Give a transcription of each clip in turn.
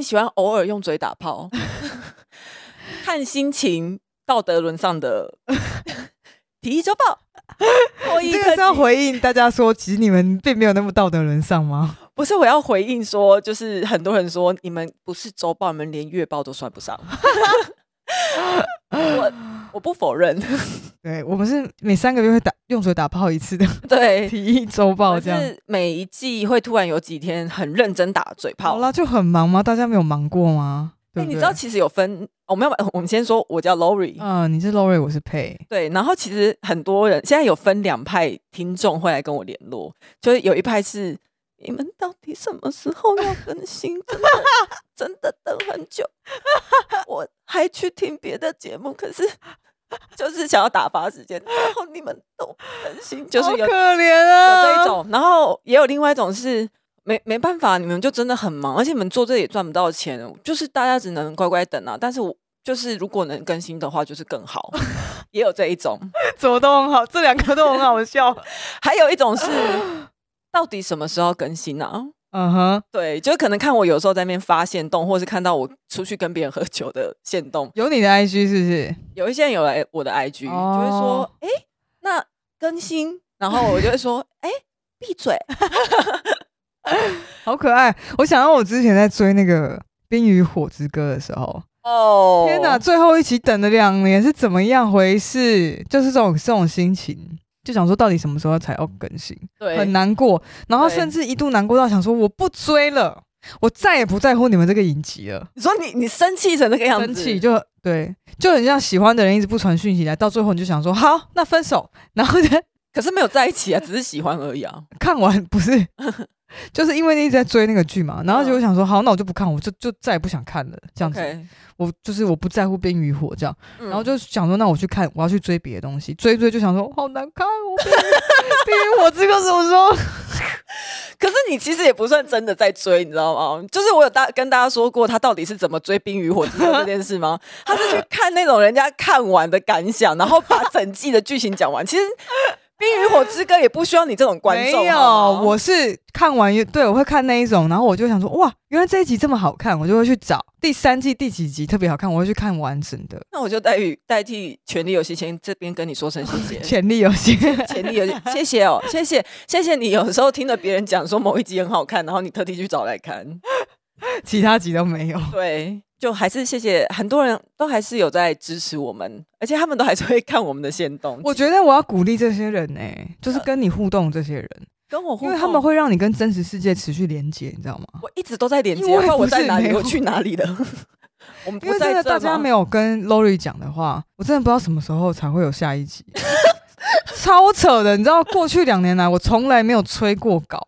喜歡偶爾用嘴打炮， 看心情道德淪喪的體液週報， 這個是要回應大家說，其實你們並沒有那麼道德淪喪嗎？不是，我要回應說，就是很多人說你們不是周報，你們連月報都算不上。 我我不否認，對，對我們是每三個月會打用嘴打炮一次的，對，體液週報這樣，但是每一季會突然有幾天很認真打嘴炮。好啦，就很忙嗎？大家沒有忙過嗎？你知道其實有分，我們要，我們先說，我叫 Laurie，嗯，你是 Laurie，我是 Pay，對。然後其實很多人現在有分兩派聽眾會來跟我聯絡，就是有一派是你們到底什麼時候要更新？真的，真的等很久， 我還去聽別的節目，可是。就是想要打發時間，然後你們都更新，就是有可憐啊，有這一種。然後也有另外一種是沒沒辦法，你們就真的很忙，而且你們做這裡也賺不到錢，就是大家只能乖乖等啊。但是我就是如果能更新的話，就是更好， 也有這一種，怎麼都很好，這兩個都很好笑。 還有一種是到底什麼時候更新呢、啊？嗯哼，uh huh. 對，就可能看我有時候在那邊發限動，或者是看到我出去跟別人喝酒的限動，有你的 IG 是不是？有一些人有我的 IG，、oh. 就會說，誒、欸，那更新，然後我就會說，誒、 欸，閉嘴， 好可愛。我想到我之前在追那個《冰與火之歌》的時候，哦，oh. 天哪，最後一集等了兩年是怎麼樣回事？就是這種這種心情。就想說，到底什麼時候才要更新？對，很難過，然後甚至一度難過到想說，我不追了，對我再也不在乎你們這個影集了。你說你，你生氣成這個樣子，生氣就對，就很像喜歡的人一直不傳訊息來，來到最後你就想說，好，那分手。然後呢，可是沒有在一起啊， 只是喜歡而已啊。看完不是。 就是因為你一直在追那個劇嘛，然後就想說，好，那我就不看，我就就再也不想看了，這樣子。Okay. 我就是我不在乎冰與火這樣，嗯、然後就想說，那我去看，我要去追別的東西，追追就想說，好難看哦，我冰與 火之歌怎麼說？可是你其實也不算真的在追，你知道嗎？就是我有大跟大家說過，他到底是怎麼追冰與火之歌這件事嗎？ 他是去看那種人家看完的感想，然後把整季的劇情講完。其實。冰與火之歌也不需要你這種觀眾。沒有，吧我是看完對，我會看那一種，然後我就想說哇，原來這一集這麼好看，我就會去找第三季第幾集特別好看，我會去看完整的。那我就代替代替《權力遊戲》先這邊跟你說聲謝謝，《權 力遊戲》，《權力遊戲》，謝謝哦， 謝謝，謝謝你。有時候聽了別人講說某一集很好看，然後你特地去找來看， 其他集都沒有。對。就還是謝謝，很多人都還是有在支持我們，而且他們都還是會看我們的行動。我覺得我要鼓勵這些人誒、欸，就是跟你互動這些人，跟我互動，因為他們會讓你跟真實世界持續連接，你知道嗎？我，道嗎我一直都在連接，因為我，、啊、我在哪裡，我去哪裡的。 在因為因為大家沒有跟 Lori 講的話，我真的不知道什麼時候才會有下一集。 超扯的，你知道，過去兩年來我從來沒有催過稿，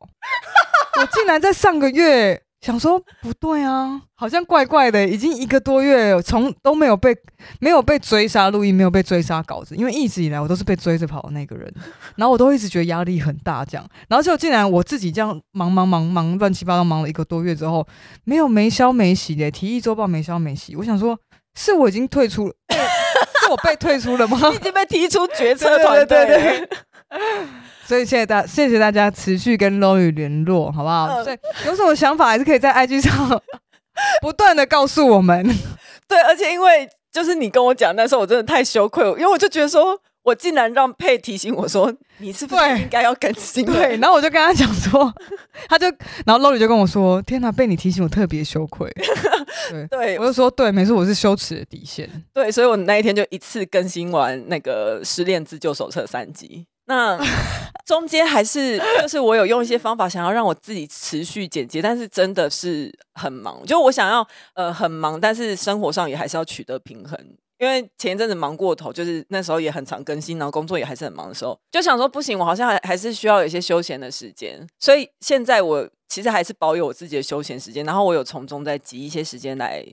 我竟然在上個月。想說不對啊，好像怪怪的，已經一個多月，從都沒有被沒有被追殺錄音，沒有被追殺稿子，因為一直以來我都是被追着跑的那個人，然後我都一直覺得壓力很大這樣，然後就竟然我自己這樣忙忙忙忙亂七八糟忙了一個多月之後，沒有沒消沒息的《體液週報》沒消沒息，我想說是我已經退出了，欸、 是我被退出了嗎？已經 被踢出決策團隊。 所以謝謝大，謝謝大家持續跟 Lowry 聯絡，好不好？對、嗯，有什麼想法還是可以在 IG 上不斷的告訴我們。 對，而且因為就是你跟我講那時候，我真的太羞愧了，因為我就覺得說我竟然讓佩提醒我說你是不是應該要更新對？對，然後我就跟他講說，他就然後 Lowry 就跟我說：“天哪、啊，被你提醒我特別羞愧。”對， 對我就說：“對，沒錯，我是羞恥的底線。”對，所以我那一天就一次更新完那個《失戀自救手冊》三集。那中間還是就是我有用一些方法想要讓我自己持續剪接，但是真的是很忙。就我想要呃很忙，但是生活上也還是要取得平衡。因為前一陣子忙過頭，就是那時候也很常更新，然後工作也還是很忙的時候，就想說不行，我好像還還是需要有一些休閒的時間。所以現在我其實還是保有我自己的休閒時間，然後我有從中再擠一些時間來。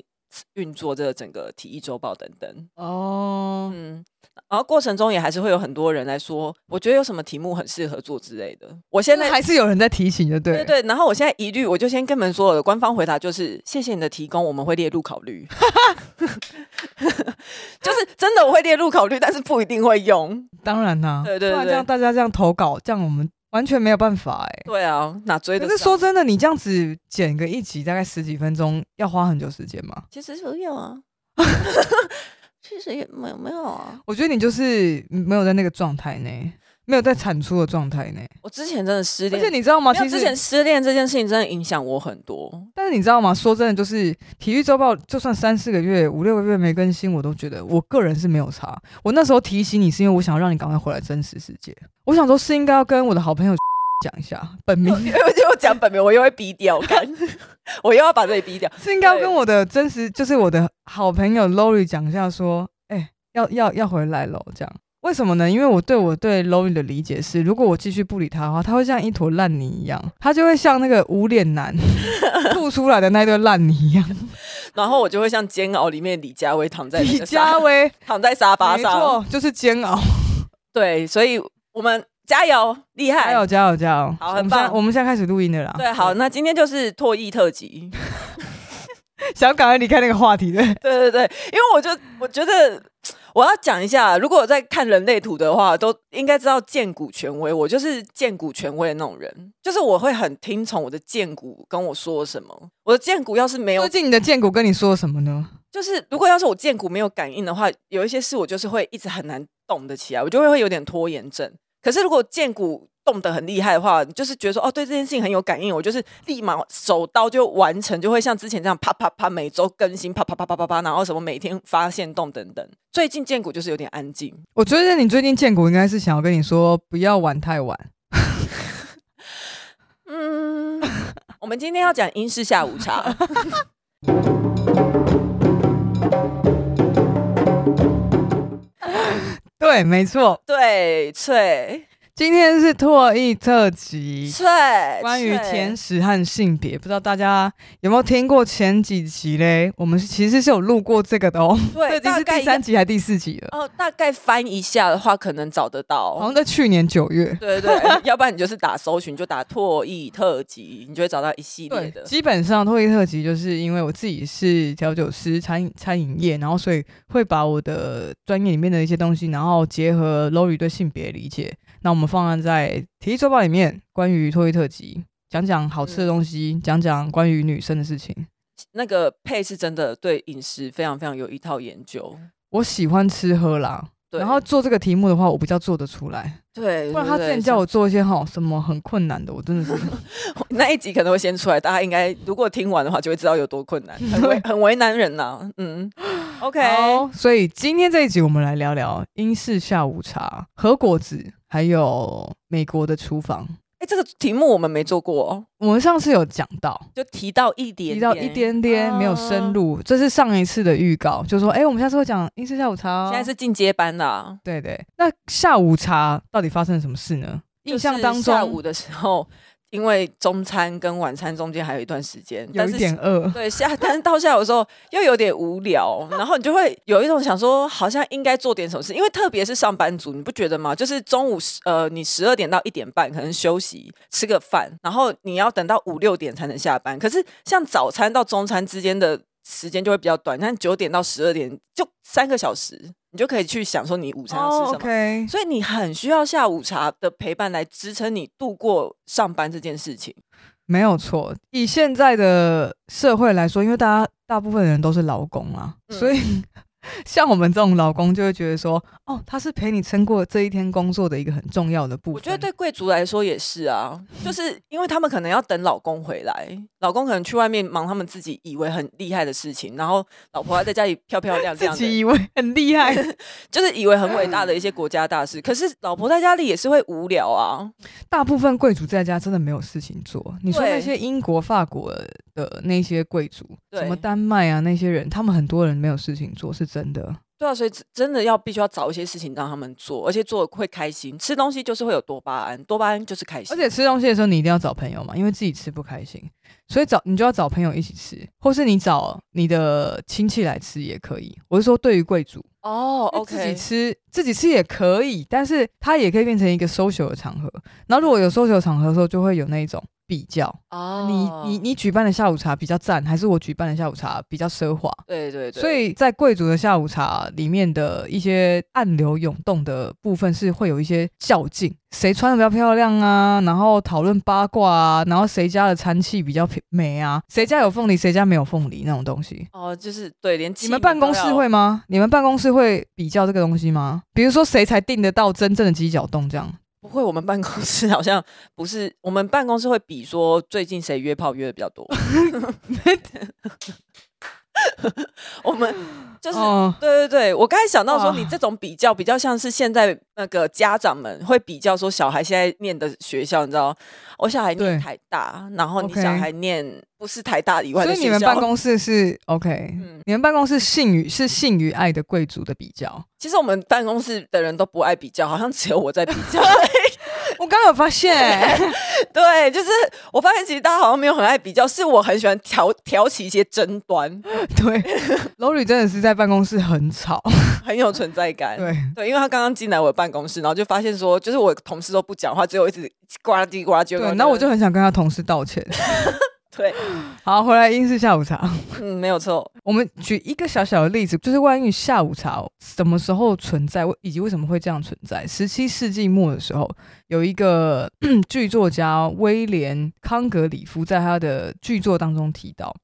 運作這個整個體液週報等等哦，oh. 嗯，然後過程中也還是會有很多人來說，我覺得有什麼題目很適合做之類的。我現在還是有人在提醒的，對對對。然後我現在疑慮，我就先跟你們說，我的官方回答就是：謝謝你的提供，我們會列入考慮。 就是真的我會列入考慮，但是不一定會用。當然啦，啊，對，對對對，然這樣大家這樣投稿，這樣我們。完全沒有辦法哎、欸。對啊，哪追得上？可是說真的，你這樣子剪個一集大概十幾分鐘，要花很久時間嗎？其實沒有啊， 其實也沒沒有啊。我覺得你就是沒有在那個狀態內。沒有在產出的狀態內。我之前真的失戀，而且你知道嗎？其實之前失戀這件事情真的影響我很多。但是你知道嗎？說真的，就是體液週報就算三四個月、五六個月沒更新，我都覺得我個人是沒有差。我那時候提醒你，是因為我想讓你趕快回來真實世界。我想說，是應該要跟我的好朋友講一下本名，因為我講本名，我又會逼掉，我我又要把這裡逼掉。是應該要跟我的真實，就是我的好朋友 Lori 講一下，說，哎、欸，要要要回來了、哦、這樣。為什麼呢？因為我對我對 Lowny 的理解是，如果我繼續不理他的話，他會像一坨爛泥一樣，他就會像那個無臉男 吐出來的那一堆爛泥一樣， 然後我就會像煎熬裡面李佳薇躺在沙李佳薇躺在沙發上，沒錯，就是煎熬。對，所以我們加油，厲害，加油，加油，加油，好，很棒。我們現在開始錄音的了啦。對，好，那今天就是唾液特輯， 想趕快離開那個話題，對對對對，因為我就我覺得。我要講一下，如果我在看人類圖的話，都應該知道薦骨權威。我就是薦骨權威的那種人，就是我會很聽從我的薦骨跟我說什麼。我的薦骨要是沒有，最近你的薦骨跟你說什麼呢？就是如果要是我薦骨沒有感應的話，有一些事我就是會一直很難動得起來，我就會會有點拖延症。可是如果薦骨動得很厲害的話，就是覺得說哦，對這件事情很有感應，我就是立馬手刀就完成，就會像之前這樣啪啪啪每周更新，啪啪啪啪啪啪、啪，然後什麼每天發現動等等。最近建股就是有點安靜。我覺得你最近建股應該是想要跟你說不要玩太晚。 嗯， 我們今天要講英式下午茶。 對，沒錯，對，脆。今天是唾液特輯，對，關於甜食和性別，不知道大家有沒有聽過前幾集嘞？我們是其實是有錄過這個的哦，對，這是第三集還是第四集了。哦，大概翻一下的話，可能找得到，好像在去年九月。對對，要不然你就是打搜尋，就打唾液特輯，你就會找到一系列的。基本上唾液特輯，就是因為我自己是調酒師、餐飲餐飲業，然後所以會把我的專業裡面的一些東西，然後結合 Lori 對性別理解，那我們。放在體液週報裡面，關於唾液特輯，講講好吃的東西，講講、嗯、關於女生的事情。那個配是真的對飲食非常非常有一套研究。我喜歡吃喝啦，對然後做這個題目的話，我比較做得出來。對，對對對不然他之前叫我做一些好是什麼很困難的，我真的是 那一集可能會先出來。大家應該如果聽完的話，就會知道有多困難，很為,很為難人吶、啊。嗯 ，OK。好，所以今天這一集我們來聊聊英式下午茶和菓子。還有美國的廚房，哎、欸，這個題目我們沒做過。我們上次有講到，就提到一點，提到一點點，點點沒有深入。啊、這是上一次的預告，就是說，哎、欸，我們下次會講英式下午茶，哦。現在是進階班的、啊，對對。那下午茶到底發生了什麼事呢？印象當中，下午的時候。因為中餐跟晚餐中間還有一段時間，有一點餓。但是對，下單到下午的時候又有點無聊， 然後你就會有一種想說，好像應該做點什麼事。因為特別是上班族，你不覺得嗎？就是中午呃，你十二點到一點半可能休息吃個飯，然後你要等到五六點才能下班。可是像早餐到中餐之間的。時間就會比較短，但九點到十二點就三個小時，你就可以去想說你午餐要吃什麼。Oh, okay. 所以你很需要下午茶的陪伴來支撐你度過上班這件事情。沒有錯，以現在的社會來說，因為大家大部分人都是勞工嘛，嗯、所以像我們這種老公就會覺得說，哦，他是陪你撐過這一天工作的一個很重要的部分。我覺得對貴族來說也是啊，就是因為他們可能要等老公回來。老公可能去外面忙他們自己以為很厲害的事情，然後老婆還在家裡漂漂亮亮。 自己以為很厲害， 就是以為很偉大的一些國家大事。嗯。可是老婆在家裡也是會無聊啊。大部分貴族在家真的沒有事情做。你說那些英國、法國的那些貴族，對什麼丹麥啊那些人，他們很多人沒有事情做，是真的。對啊，所以真的要必須要找一些事情讓他們做，而且做會開心。吃東西就是會有多巴胺，多巴胺就是開心。而且吃東西的時候你一定要找朋友嘛，因為自己吃不開心，所以找你就要找朋友一起吃，或是你找你的親戚來吃也可以。我是說對於貴族，對於貴族哦，okay、自己吃自己吃也可以，但是它也可以變成一個 social 的場合。然後如果有 social 的場合的時候，就會有那種。比較啊、oh,，你你你舉辦的下午茶比較讚，還是我舉辦的下午茶比較奢華？對對對，所以在貴族的下午茶裡面的一些暗流湧動的部分，是會有一些較勁，誰穿得比較漂亮啊？然後討論八卦啊？然後誰家的餐器比較美啊？誰家有鳳梨，誰家沒有鳳梨那種東西？哦，oh, 就是對，連你們辦公室會嗎？你們辦公室會比較這個東西嗎？比如說誰才訂得到真正的雞腳凍這樣？不會，我們辦公室好像不是我們辦公室會比說最近誰約炮約的比較多。 我們就是、oh, 對對對，我剛才想到說，你這種比較比較像是現在那個家長們會比較說，小孩現在念的學校，你知道，我小孩念台大，對然後你小孩念不是台大以外的，所以你們辦公室是 OK，嗯，你們辦公室性與是性與愛的貴族的比較。其實我們辦公室的人都不愛比較，好像只有我在比較。 我剛剛有發現，對，就是我發現其實大家好像沒有很愛比較，是我很喜歡挑挑起一些爭端。對，Lori 真的是在辦公室很吵，很有存在感。對，對，因為他剛剛進來我辦公室，然後就發現說，就是我同事都不講話，只有一直呱唧呱唧。對，那我就很想跟他同事道歉。對，好，回來英式下午茶， 嗯，沒有錯。我們舉一個小小的例子，就是關於下午茶什麼時候存在，以及為什麼會這樣存在。十七世紀末的時候，有一個劇 作家威廉康格里夫在他的劇作當中提到，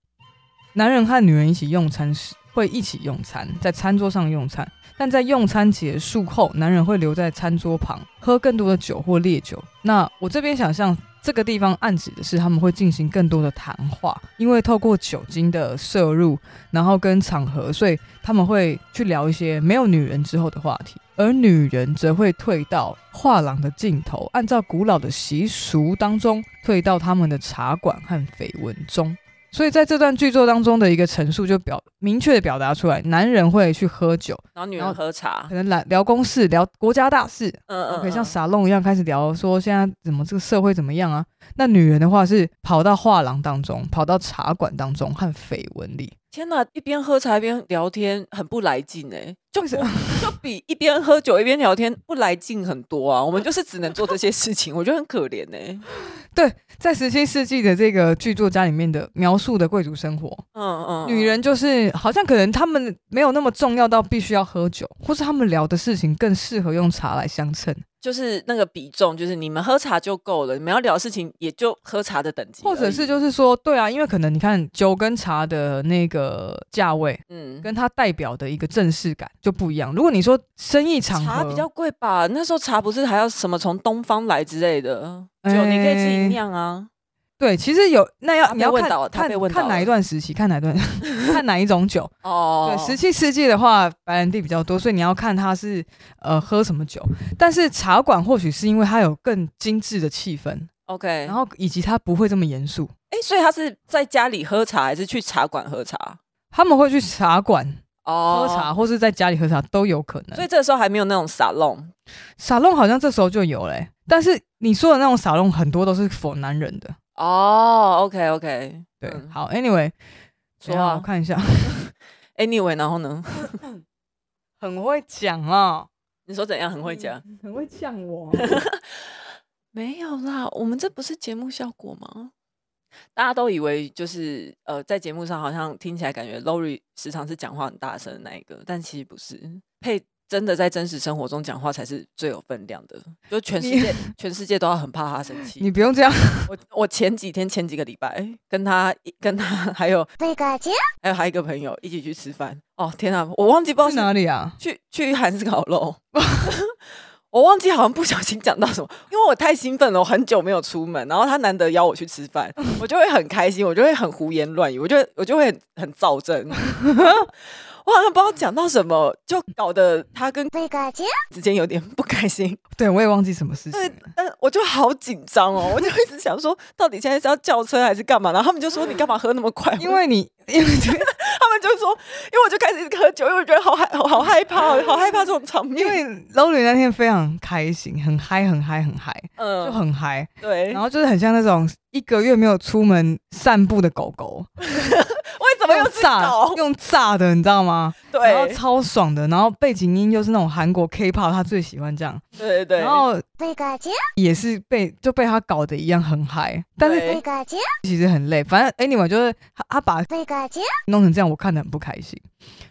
男人和女人一起用餐時。會一起用餐，在餐桌上用餐，但在用餐結束後，男人會留在餐桌旁喝更多的酒或烈酒。那我這邊想象，這個地方暗指的是他們會進行更多的談話，因為透過酒精的攝入，然後跟場合，所以他們會去聊一些沒有女人之後的話題，而女人則會退到畫廊的盡頭，按照古老的習俗當中，退到他們的茶館和緋聞中。所以在這段劇作當中的一個陳述，就表明確地表達出來，男人會去喝酒，然後女人喝茶，可能來聊公事，聊國家大事，嗯，嗯嗯，可以、okay, 像沙龍一樣開始聊說現在怎麼這個社會怎麼樣啊。那女人的話是跑到畫廊當中，跑到茶館當中和緋聞裡。天吶，一邊喝茶一邊聊天，很不來勁哎、欸，就就比一邊喝酒一邊聊天不來勁很多啊。 我們就是只能做這些事情， 我覺得很可憐哎、欸。對，在十七世紀的這個劇作家裡面的描述的貴族生活，嗯，嗯嗯，女人就是好像可能他們沒有那麼重要到必須要喝酒，或是他們聊的事情更適合用茶來相稱。就是那個比重，就是你們喝茶就夠了，你們要聊的事情也就喝茶的等級，或者是就是說，對啊，因為可能你看酒跟茶的那個價位，嗯，跟它代表的一個正式感就不一樣。如果你說生意場，茶比較貴吧，那時候茶不是還要什麼從東方來之類的，欸、酒你可以自己釀啊。對，其實有那要你要看看哪一段時期，看哪一段， 看哪一種酒哦。Oh. 對，十七世紀的話，白蘭地比較多，所以你要看他是呃喝什麼酒。但是茶館或許是因為它有更精緻的氣氛，OK。然後以及它不會這麼嚴肅。誒、欸，所以他是在家裡喝茶，還是去茶館喝茶？他們會去茶館哦、oh. 喝茶，或是在家裡喝茶都有可能。所以這時候還沒有那種沙龍，沙龍好像這時候就有嘞、欸。但是你說的那種沙龍，很多都是 for 男人的。哦、oh，OK，OK，okay, okay, 對，嗯、好，Anyway，說啊，我看一下 ，Anyway，然後呢， 很會講哦，你說怎樣很會講，很會嗆我， 沒有啦，我們這不是節目效果嗎？大家都以為就是呃，在節目上好像聽起來感覺 Lori 時常是講話很大聲的那一個，但其實不是配。真的在真實生活中講話才是最有分量的，就全世界全世界都要很怕他生氣。你不用這樣，我我前幾天前幾個禮拜跟他跟他還有，還有有一個朋友一起去吃飯。哦天哪，我忘記不知道是哪裡啊？去去韓式烤肉。我忘記好像不小心講到什麼，因為我太興奮了，我很久沒有出門，然後他難得邀我去吃飯，我就會很開心，我就會很胡言亂語，我我就會很躁症。我好像不知道講到什麼，就搞得他跟、嗯、之間有點不開心。對，我也忘記什麼事情。對，但我就好緊張哦， 我就一直想說，到底現在是要叫車還是幹嘛？然後他們就說：“你幹嘛喝那麼快？” 因為你，因為 他們就說，因為我就開始一直喝酒，因為我覺得好害，好害怕好，好害怕這種場面。因為老呂那天非常開心，很嗨、嗯，很嗨，很嗨，就很嗨。對，然後就是很像那種一個月沒有出門散步的狗狗。 用炸用炸的，你知道嗎？對，然後超爽的，然後背景音又是那種韓國 K-pop，他最喜歡這樣。對對對，然後也是被就被他搞得一樣很嗨，但是對其實很累。反正 Anyway 就是他，他把弄成這樣，我看得很不開心，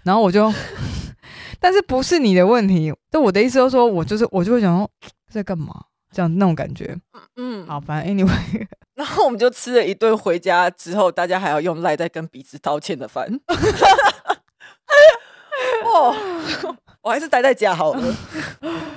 然後我就， 但是不是你的問題，就我的意思就是說，我就是我就會想說在幹嘛。這樣那種感覺，嗯，嗯好煩。Anyway，然後我們就吃了一頓，回家之後大家還要用賴在跟彼此道歉的飯。我還是待在家好了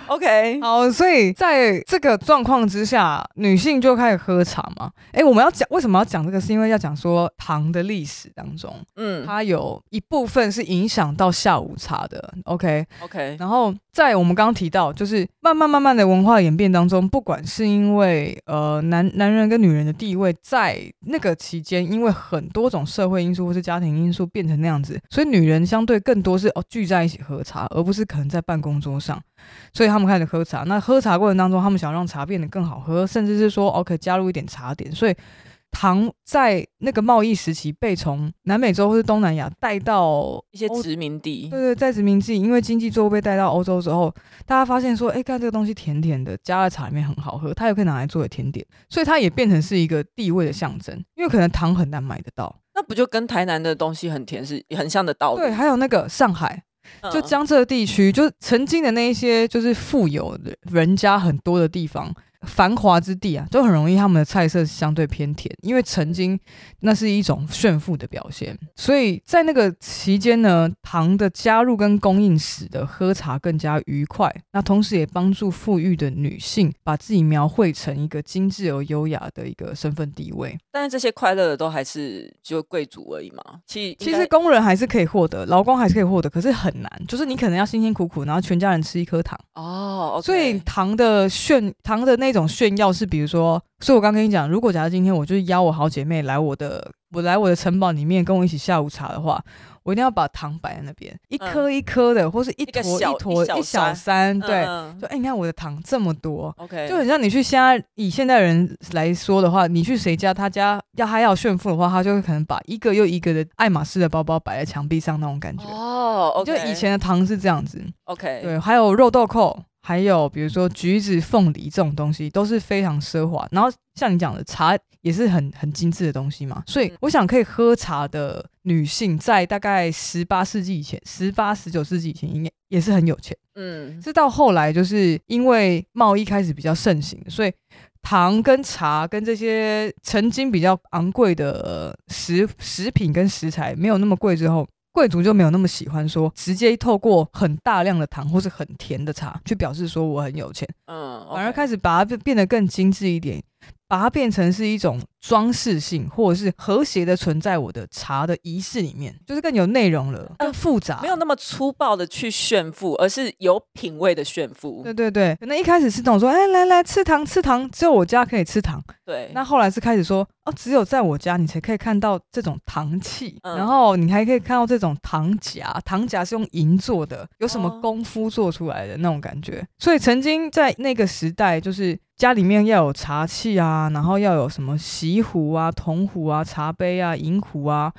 okay。OK，好，所以在這個狀況之下，女性就開始喝茶嘛？哎、欸，我們要講為什麼要講這個是，是因為要講說糖的歷史當中，嗯，它有一部分是影響到下午茶的。OK，OK、okay? Okay。然後在我們剛剛提到，就是慢慢慢慢的文化演變當中，不管是因為呃男男人跟女人的地位在那個期間，因為很多種社會因素或是家庭因素變成那樣子，所以女人相對更多是哦聚在一起喝茶，而不是。是可能在辦公桌上，所以他們開始喝茶。那喝茶過程當中，他們想要讓茶變得更好喝，甚至是說，我、哦、可以加入一點茶點。所以糖在那個貿易時期被從南美洲或是東南亞帶到一些殖民地。對，對對，在殖民地，因為經濟作物被帶到歐洲之後，大家發現說，哎、欸，看這個東西甜甜的，加了茶裡面很好喝，它也可以拿來作為甜點，所以它也變成是一個地位的象徵。因為可能糖很難買得到，那不就跟台南的東西很甜是很像的道理？對，還有那個上海。就江浙地區，就曾經的那一些，就是富有人家很多的地方。繁華之地啊，都很容易，他們的菜色相對偏甜，因為曾經那是一種炫富的表現。所以在那個期間呢，糖的加入跟供應使得喝茶更加愉快，那同時也幫助富裕的女性把自己描繪成一個精致而優雅的一個身份地位。但是這些快樂的都還是就貴族而已嘛？其實其實工人還是可以獲得，勞工還是可以獲得，可是很難，就是你可能要辛辛苦苦，然後全家人吃一顆糖哦。Okay。所以糖的炫糖的那。那種炫耀是，比如說，所以我剛跟你講，如果假如今天我就邀我好姐妹來我的，我來我的城堡裡面跟我一起下午茶的話，我一定要把糖擺在那邊，一顆一顆的，嗯、或是一坨一,一坨一小山。嗯、對，就哎、欸，你看我的糖這麼多，Okay. 就很像你去現在以現代人來說的話，你去誰家，他家要他要炫富的話，他就會可能把一個又一個的愛馬仕的包包擺在牆壁上那種感覺哦、oh, okay. 就以前的糖是這樣子，OK，對，還有肉豆蔻。還有比如說橘子、鳳梨這種東西都是非常奢華，然後像你講的茶也是很很精緻的東西嘛，所以我想可以喝茶的女性在大概十八世紀以前、十八十九世紀以前應該也是很有錢，嗯，是到後來就是因為貿易開始比較盛行，所以糖跟茶跟這些曾經比較昂貴的食食品跟食材沒有那麼貴之後。貴族就沒有那麼喜歡說，直接透過很大量的糖或是很甜的茶去表示說我很有錢，嗯，okay，反而開始把它變得更精緻一點。把它變成是一種裝飾性或者是和諧的存在，我的茶的儀式裡面，就是更有內容了，更複雜、嗯，沒有那麼粗暴的去炫富，而是有品味的炫富。對對對，可能一開始是這種說，哎、欸，來來吃糖吃糖，只有我家可以吃糖。對，那後來是開始說，哦，只有在我家你才可以看到這種糖器，嗯、然後你還可以看到這種糖夾，糖夾是用銀做的，有什麼功夫做出來的那種感覺。哦、所以曾經在那個時代，就是。家裡面要有茶器啊，然後要有什麼錫壺啊、銅壺啊、茶杯啊、銀壺啊，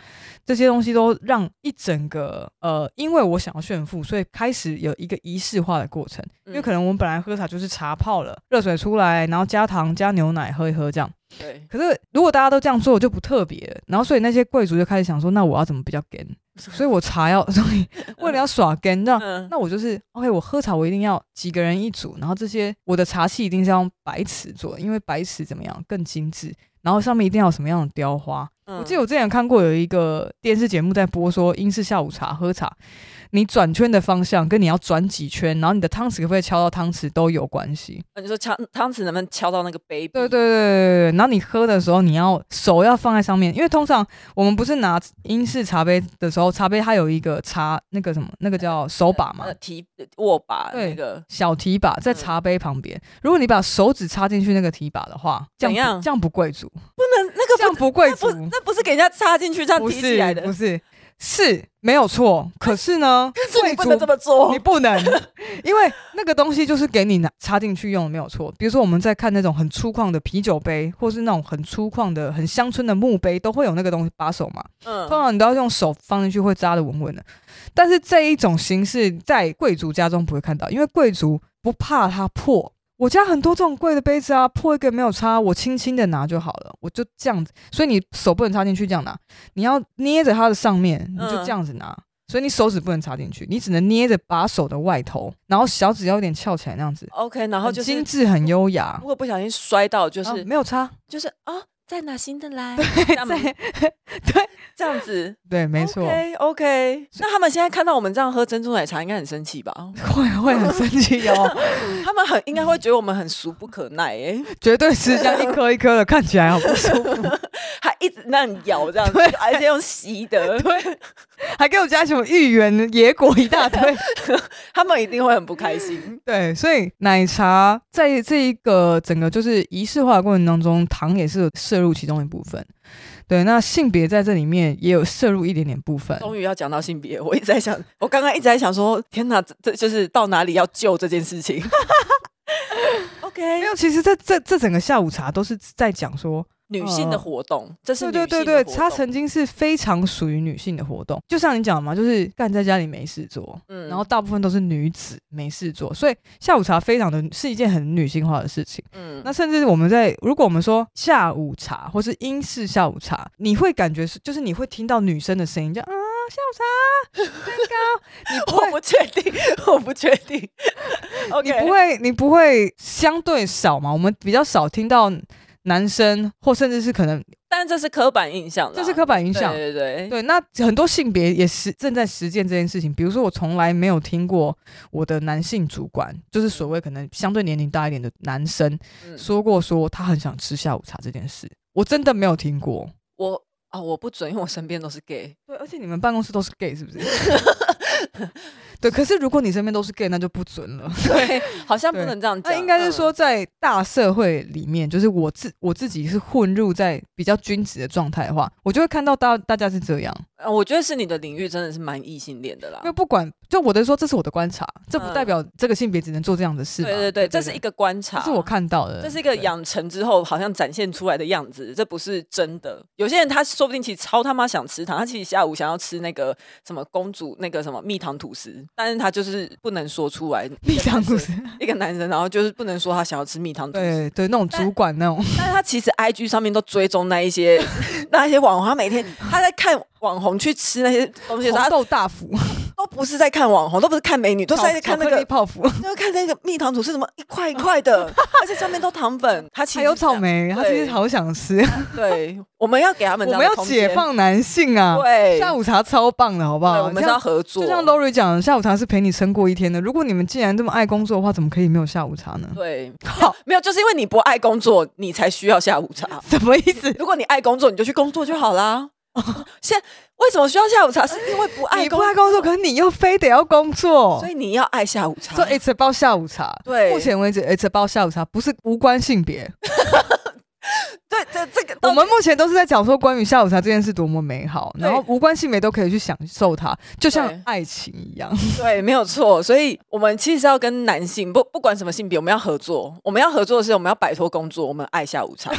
這些東西都讓一整個呃，因為我想要炫富，所以開始有一個儀式化的過程。嗯、因為可能我們本來喝茶就是茶泡了熱水出來，然後加糖加牛奶喝一喝這樣。對可是如果大家都這樣做，就不特別。然後所以那些貴族就開始想說，那我要怎麼比較 gay？ 所以，我茶要，所以為了要耍梗， 那 那我就是，OK，我喝茶我一定要幾個人一組，然後這些我的茶器一定是要用白瓷做的，因為白瓷怎麼樣？更精緻。然後上面一定要有什麼樣的雕花？嗯、我記得我之前看過有一個電視節目在播，說英式下午茶喝茶，你轉圈的方向跟你要轉幾圈，然後你的湯匙可不可以敲到湯匙都有關係。啊、你說敲湯匙能不能敲到那個杯,杯？對對對對對對。然後你喝的時候，你要手要放在上面，因為通常我們不是拿英式茶杯的時候，茶杯它有一個茶那個什麼，那個叫手把嘛？呃那個、提握把對那個小提把在茶杯旁邊。嗯、如果你把手指插進去那個提把的話，這樣怎樣？這樣不貴族。不能，那個不貴族那不，那不是給人家插進去這樣提起來的，不。不是，是沒有錯。可是呢，貴族不能這麼做，你不能， 因為那個東西就是給你拿插進去用的，沒有錯。比如說，我們在看那種很粗獷的啤酒杯，或是那種很粗獷的、很鄉村的墓碑，都會有那個東西把手嘛。嗯，通常你都要用手放進去，會扎得穩穩的。但是這一種形式在貴族家中不會看到，因為貴族不怕它破。我家很多這種貴的杯子啊，破一個沒有差，我輕輕的拿就好了，我就這樣子。所以你手不能插進去這樣拿，你要捏着它的上面，你就這樣子拿。嗯、所以你手指不能插進去，你只能捏着把手的外頭，然後小指要有點翹起來那樣子。OK，然後就是精致很優雅。如果不，不，不小心摔到，就是、啊、沒有差，就是啊。再拿新的來，對，這樣對，這樣子，對，沒錯。OK，OK okay, okay。以那他們現在看到我們這樣喝珍珠奶茶，應該很生氣吧？會會很生氣哦。 他們很應該會覺得我們很俗不可耐哎、欸，絕對是這樣，一顆一顆的， 看起來好不舒服。還。 一直那樣咬，這樣子，而且用吸的，對，對 還給我加什麼芋圓、野果，一大堆，對的 他們一定會很不開心。對，所以奶茶在這一個整個就是儀式化過程當中，糖也是涉入其中一部分。對，那性別在這裡面也有涉入一點點部分。終於要講到性別，我一直在想，我剛剛一直在想說，天哪，這就是到哪裡要救這件事情 ？OK，哈哈因為其實這，這這整個下午茶都是在講說。女性的活動，呃、這是對對對對，它曾經是非常屬於女性的活動，就像你講的嘛，就是幹在家裡沒事做，嗯，然後大部分都是女子沒事做，所以下午茶非常的是一件很女性化的事情，嗯，那甚至是我們在如果我們說下午茶或是英式下午茶，你會感覺是就是你會聽到女生的聲音叫，叫 啊下午茶蛋糕，高 你不我不確定，我不確定 ，OK，你不會你不會相對少嘛，我們比較少聽到。男生或甚至是可能，但這是刻板印象的、啊、這是刻板印象，對對對對。那很多性別也是正在實踐這件事情。比如說，我從來沒有聽過我的男性主管，就是所謂可能相對年齡大一點的男生，嗯、說過說他很想吃下午茶這件事。我真的沒有聽過。我啊、哦，我不準，因為我身邊都是 gay。對，而且你們辦公室都是 gay 是不是？ 對，可是如果你身邊都是 gay，那就不準了。對，好像不能這樣講。那對應該是說，在大社會裡面，嗯、就是我自我自己是混入在比較均質的狀態的話，我就會看到大家大家是這樣、嗯。我覺得是你的領域真的是蠻異性戀的啦。因為不管，就我都說，這是我的觀察，這不代表這個性別只能做這樣的事。嗯、對對對，對對對這是一個觀察，是我看到的，這是一個養成之後好像展現出來的樣子，對這不是真的。有些人他說不定其實超他媽想吃糖，他其實下午想要吃那個什麼公主，那個什麼蜜糖吐司。但是他就是不能說出來蜜糖吐司，一個男生，然後就是不能說他想要吃蜜糖吐司，對對，那種主管但那種。但是他其實 IG 上面都追蹤那一些， 那一些網紅他每天他在看網紅去吃那些東西，他 紅豆大福。他 都不是在看網紅，都不是看美女，都是在看那個泡芙，都看那個蜜糖吐司是怎麼一塊一塊的，而且上面都糖粉，還有草莓，他其實好想吃。對，我們要給他們，我們要解放男性啊！對，下午茶超棒的，好不好？我們是要合作，就像 Lori 講的，下午茶是陪你撐過一天的。如果你們既然這麼愛工作的話，怎麼可以沒有下午茶呢？對，好，沒有，就是因為你不愛工作，你才需要下午茶。什麼意思？如果你愛工作，你就去工作就好啦。哦，現為什麼需要下午茶？是因為不愛工作，你不愛工作，可是你又非得要工作，所以你要愛下午茶。說、so、It's about 下午茶。對，目前為止，It's about 下午茶，不是無關性別。 對，這這個，我們目前都是在講說關於下午茶這件事多麼美好，對然後無關性別都可以去享受它，就像愛情一樣。對，對，沒有錯。所以，我們其實要跟男性不不管什麼性別，我們要合作。我們要合作的是，我們要擺脫工作，我們愛下午茶。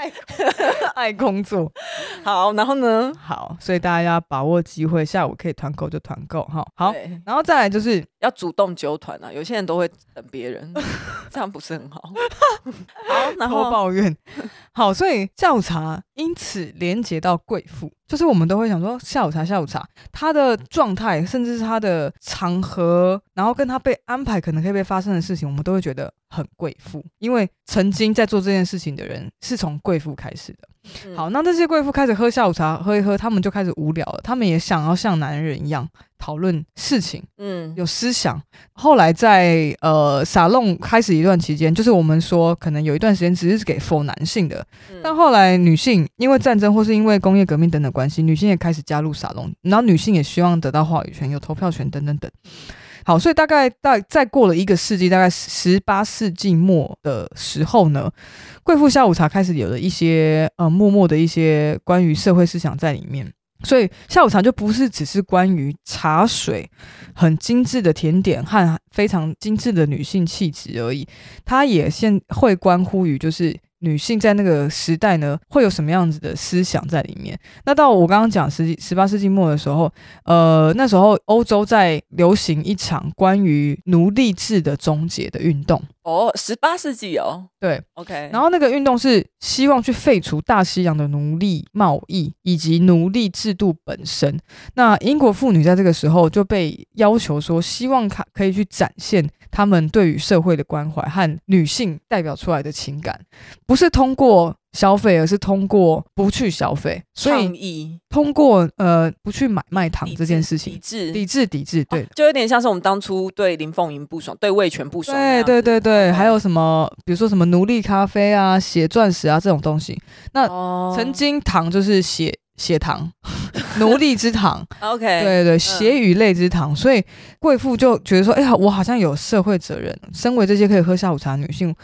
愛 愛工作， 好，然後呢？好，所以大家要把握機會，下午可以團購就團購哈。好，對然後再來就是。要主動揪團啊！有些人都會等別人， 這樣不是很好。 好，然後抱怨。好，所以下午茶、啊、因此連接到貴婦，就是我們都會想說下午茶，下午茶，他的狀態，甚至是他的場合，然後跟他被安排可能可以被發生的事情，我們都會覺得很貴婦，因為曾經在做這件事情的人是從貴婦開始的。好，那這些貴婦開始喝下午茶，喝一喝，他們就開始無聊了，他們也想要像男人一樣。討論事情，嗯，有思想。後來在呃沙龍開始一段期間，就是我們說可能有一段時間只是給 for 男性的，但後來女性因為戰爭或是因為工業革命等等關係，女性也開始加入沙龍，然後女性也希望得到話語權、有投票權等等等。好，所以大概大在再過了一個世紀，大概十八世紀末的時候呢，貴婦下午茶開始有了一些呃，默默的一些關於社會思想在裡面。所以下午茶就不是只是關於茶水、很精緻的甜點和非常精緻的女性氣質而已，它也現會關乎於就是。女性在那個時代呢，會有什麼樣子的思想在裡面？那到我剛剛講十十八世紀末的時候，呃，那時候歐洲在流行一場關於奴隸制的終結的運動。哦，十八世紀哦，對，OK。然後那個運動是希望去廢除大西洋的奴隸貿易以及奴隸制度本身。那英國婦女在這個時候就被要求說，希望可以去展現。他們對於社會的關懷和女性代表出來的情感，不是通過消費，而是通過不去消費，所以，通過呃不去買賣糖這件事情，抵制，抵制，抵制，抵制，對、啊，就有點像是我們當初對林鳳營不爽，對味全不爽，對，對，對，對，還有什麼，比如說什麼奴隸咖啡啊、血鑽石啊這種東西，那、哦、曾經糖就是血。血糖，奴隸之糖 OK 對對對，血與淚之糖。所以貴婦就覺得說，哎呀，我好像有社會責任，身為這些可以喝下午茶女性。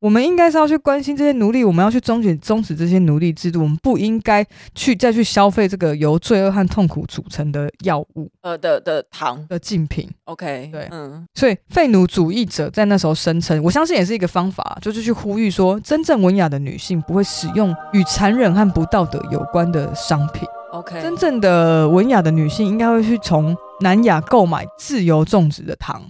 我們應該是要去關心這些奴隸，我們要去終結終止這些奴隸制度。我們不應該去再去消費這個由罪惡和痛苦組成的藥物，呃的的糖的競品。呃、品 OK，對，嗯，所以廢奴主義者在那時候聲稱，我相信也是一個方法，就是去呼籲說，真正文雅的女性不會使用與殘忍和不道德有關的商品。OK，真正的文雅的女性應該會去從南亞購買自由種植的糖。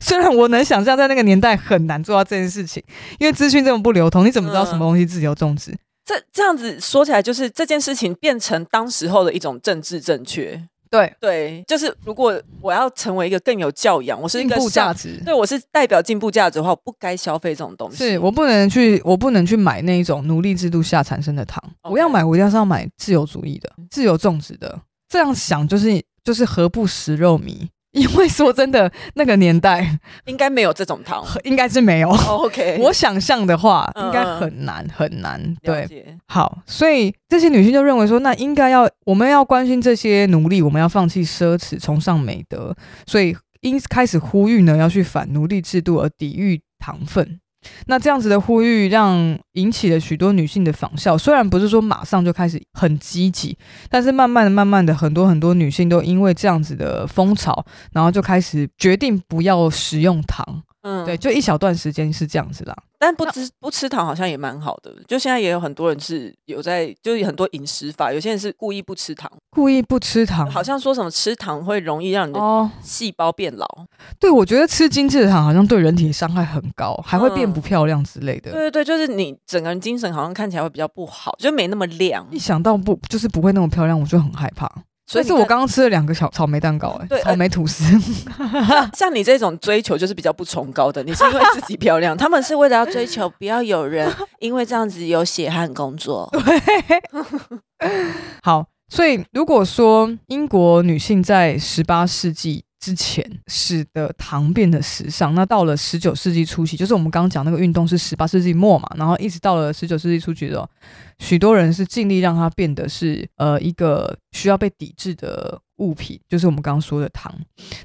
雖然我能想象，在那個年代很難做到這件事情，因為資訊這麼不流通，你怎麼知道什麼東西自由種植？嗯，這這樣子說起來，就是這件事情變成當時候的一種政治正確。對對，就是如果我要成為一個更有教養，我是一個進步價值，對我是代表進步價值的話，我不該消費這種東西。是我不能去，我不能去買那一種奴隸制度下產生的糖。Okay. 我要買，我一定要是要買自由主義的、自由種植的。這樣想就是就是何不食肉糜？因為說真的，那個年代應該沒有這種糖，應該是沒有。Oh, OK， 我想象的話，應該很難嗯嗯很難。對，了解。好，所以這些女性就認為說，那應該要我們要關心這些奴隸，我們要放棄奢侈，崇尚美德，所以因開始呼籲呢，要去反奴隸制度，而抵禦糖分。那這樣子的呼籲讓引起了許多女性的仿效。雖然不是說馬上就開始很積極，但是慢慢的、慢慢的，很多很多女性都因為這樣子的風潮，然後就開始決定不要食用糖。嗯，對，就一小段時間是這樣子啦。但不吃不吃糖好像也蠻好的，就現在也有很多人是有在，就是很多飲食法，有些人是故意不吃糖，故意不吃糖，好像說什麼吃糖會容易讓你的細胞變老。哦、對，我覺得吃精緻的糖好像對人體傷害很高，還會變不漂亮之類的、嗯。對對對，就是你整個人精神好像看起來會比較不好，就沒那麼亮。一想到不就是不會那麼漂亮，我就很害怕。所以是我剛剛吃了兩個小草莓蛋糕，欸，對草莓吐司。欸、 像你這種追求就是比較不崇高的，你是因為自己漂亮， 他們是為了要追求不要有人 因為這樣子有血汗工作。對 好，所以如果說英國女性在十八世紀。之前使得糖變得時尚，那到了十九世紀初期，就是我們剛剛講那個運動是十八世紀末嘛，然後一直到了十九世紀初期的時候，許多人是盡力讓它變得是呃一個需要被抵制的物品，就是我們剛剛說的糖。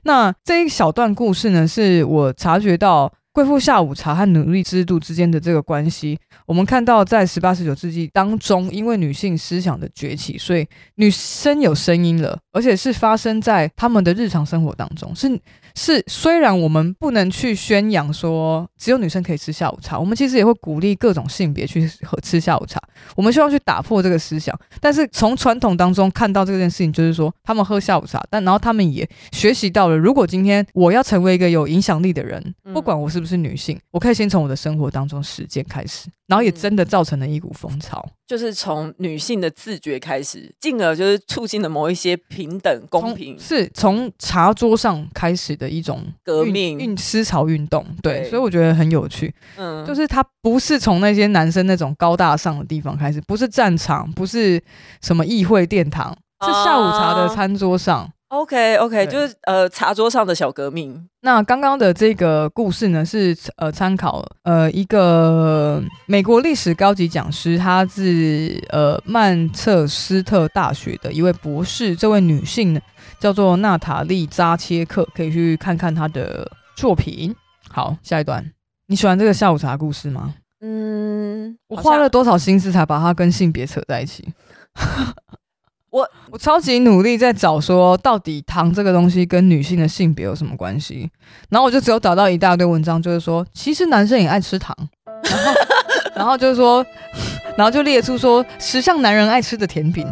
那這一小段故事呢，是我察覺到。貴婦下午茶和奴隸制度之間的這個關係，我們看到在十八、十九世紀當中，因為女性思想的崛起，所以女生有聲音了，而且是發生在她們的日常生活當中，是。是，雖然我們不能去宣揚說只有女生可以吃下午茶，我們其實也會鼓勵各種性別去喝吃下午茶。我們希望去打破這個思想，但是從傳統當中看到這件事情，就是說他們喝下午茶，但然後他們也學習到了，如果今天我要成為一個有影響力的人，嗯，不管我是不是女性，我可以先從我的生活當中實踐開始，然後也真的造成了一股風潮，就是從女性的自覺開始，進而就是促進了某一些平等公平，是從茶桌上開始的一種革命運思潮運動，對，對，所以我覺得很有趣，嗯，就是它不是從那些男生那種高大上的地方開始，不是戰場，不是什麼議會殿堂，是下午茶的餐桌上。啊。OK，OK，okay, okay, 對就是呃茶桌上的小革命。那剛剛的這個故事呢，是呃參考呃一個美國歷史高級講師，他是呃曼徹斯特大學的一位博士。這位女性呢叫做娜塔莉扎切克，可以去看看她的作品。嗯、好，好，下一段，你喜歡這個下午茶故事嗎？嗯，我花了多少心思才把它跟性別扯在一起。 我我超級努力在找說到底糖這個東西跟女性的性別有什麼關係，然後我就只有找到一大堆文章，就是說其實男生也愛吃糖，然後然後就是說，然後就列出說時尚男人愛吃的甜品。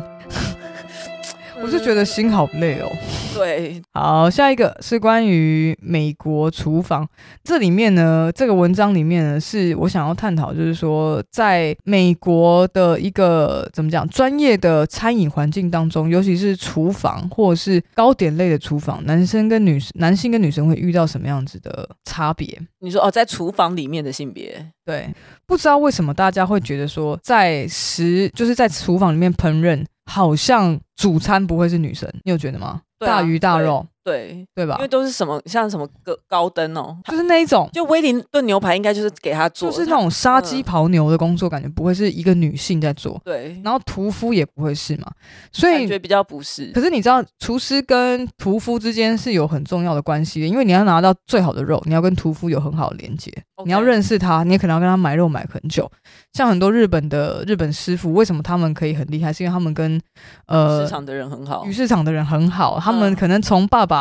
我是覺得心好累哦。對，好，下一個是關於美國廚房。這裡面呢，這個文章裡面呢，是我想要探討，就是說，在美國的一個怎麼講專業的餐飲環境當中，尤其是廚房或者是糕點類的廚房，男生跟女，男性跟女生會遇到什麼樣子的差別？你說哦，在廚房裡面的性別？對，不知道為什麼大家會覺得說，在食就是在廚房裡面烹飪。好像主餐不會是女生，你有覺得嗎？啊、大魚大肉。對對吧？因為都是什麼像什麼個高登哦，就是那一種，就威靈頓牛排應該就是給他做，就是那種殺雞刨牛的工作，感覺不會是一個女性在做。對、嗯，然後屠夫也不會是嘛，所以我覺得比較不是。可是你知道，廚師跟屠夫之間是有很重要的關係的，因為你要拿到最好的肉，你要跟屠夫有很好的連接，Okay 你要認識他，你也可能要跟他買肉買很久。像很多日本的日本師傅，為什麼他們可以很厲害？是因為他們跟呃魚市場的人很好，魚市場的人很好，很好嗯、他們可能從爸爸。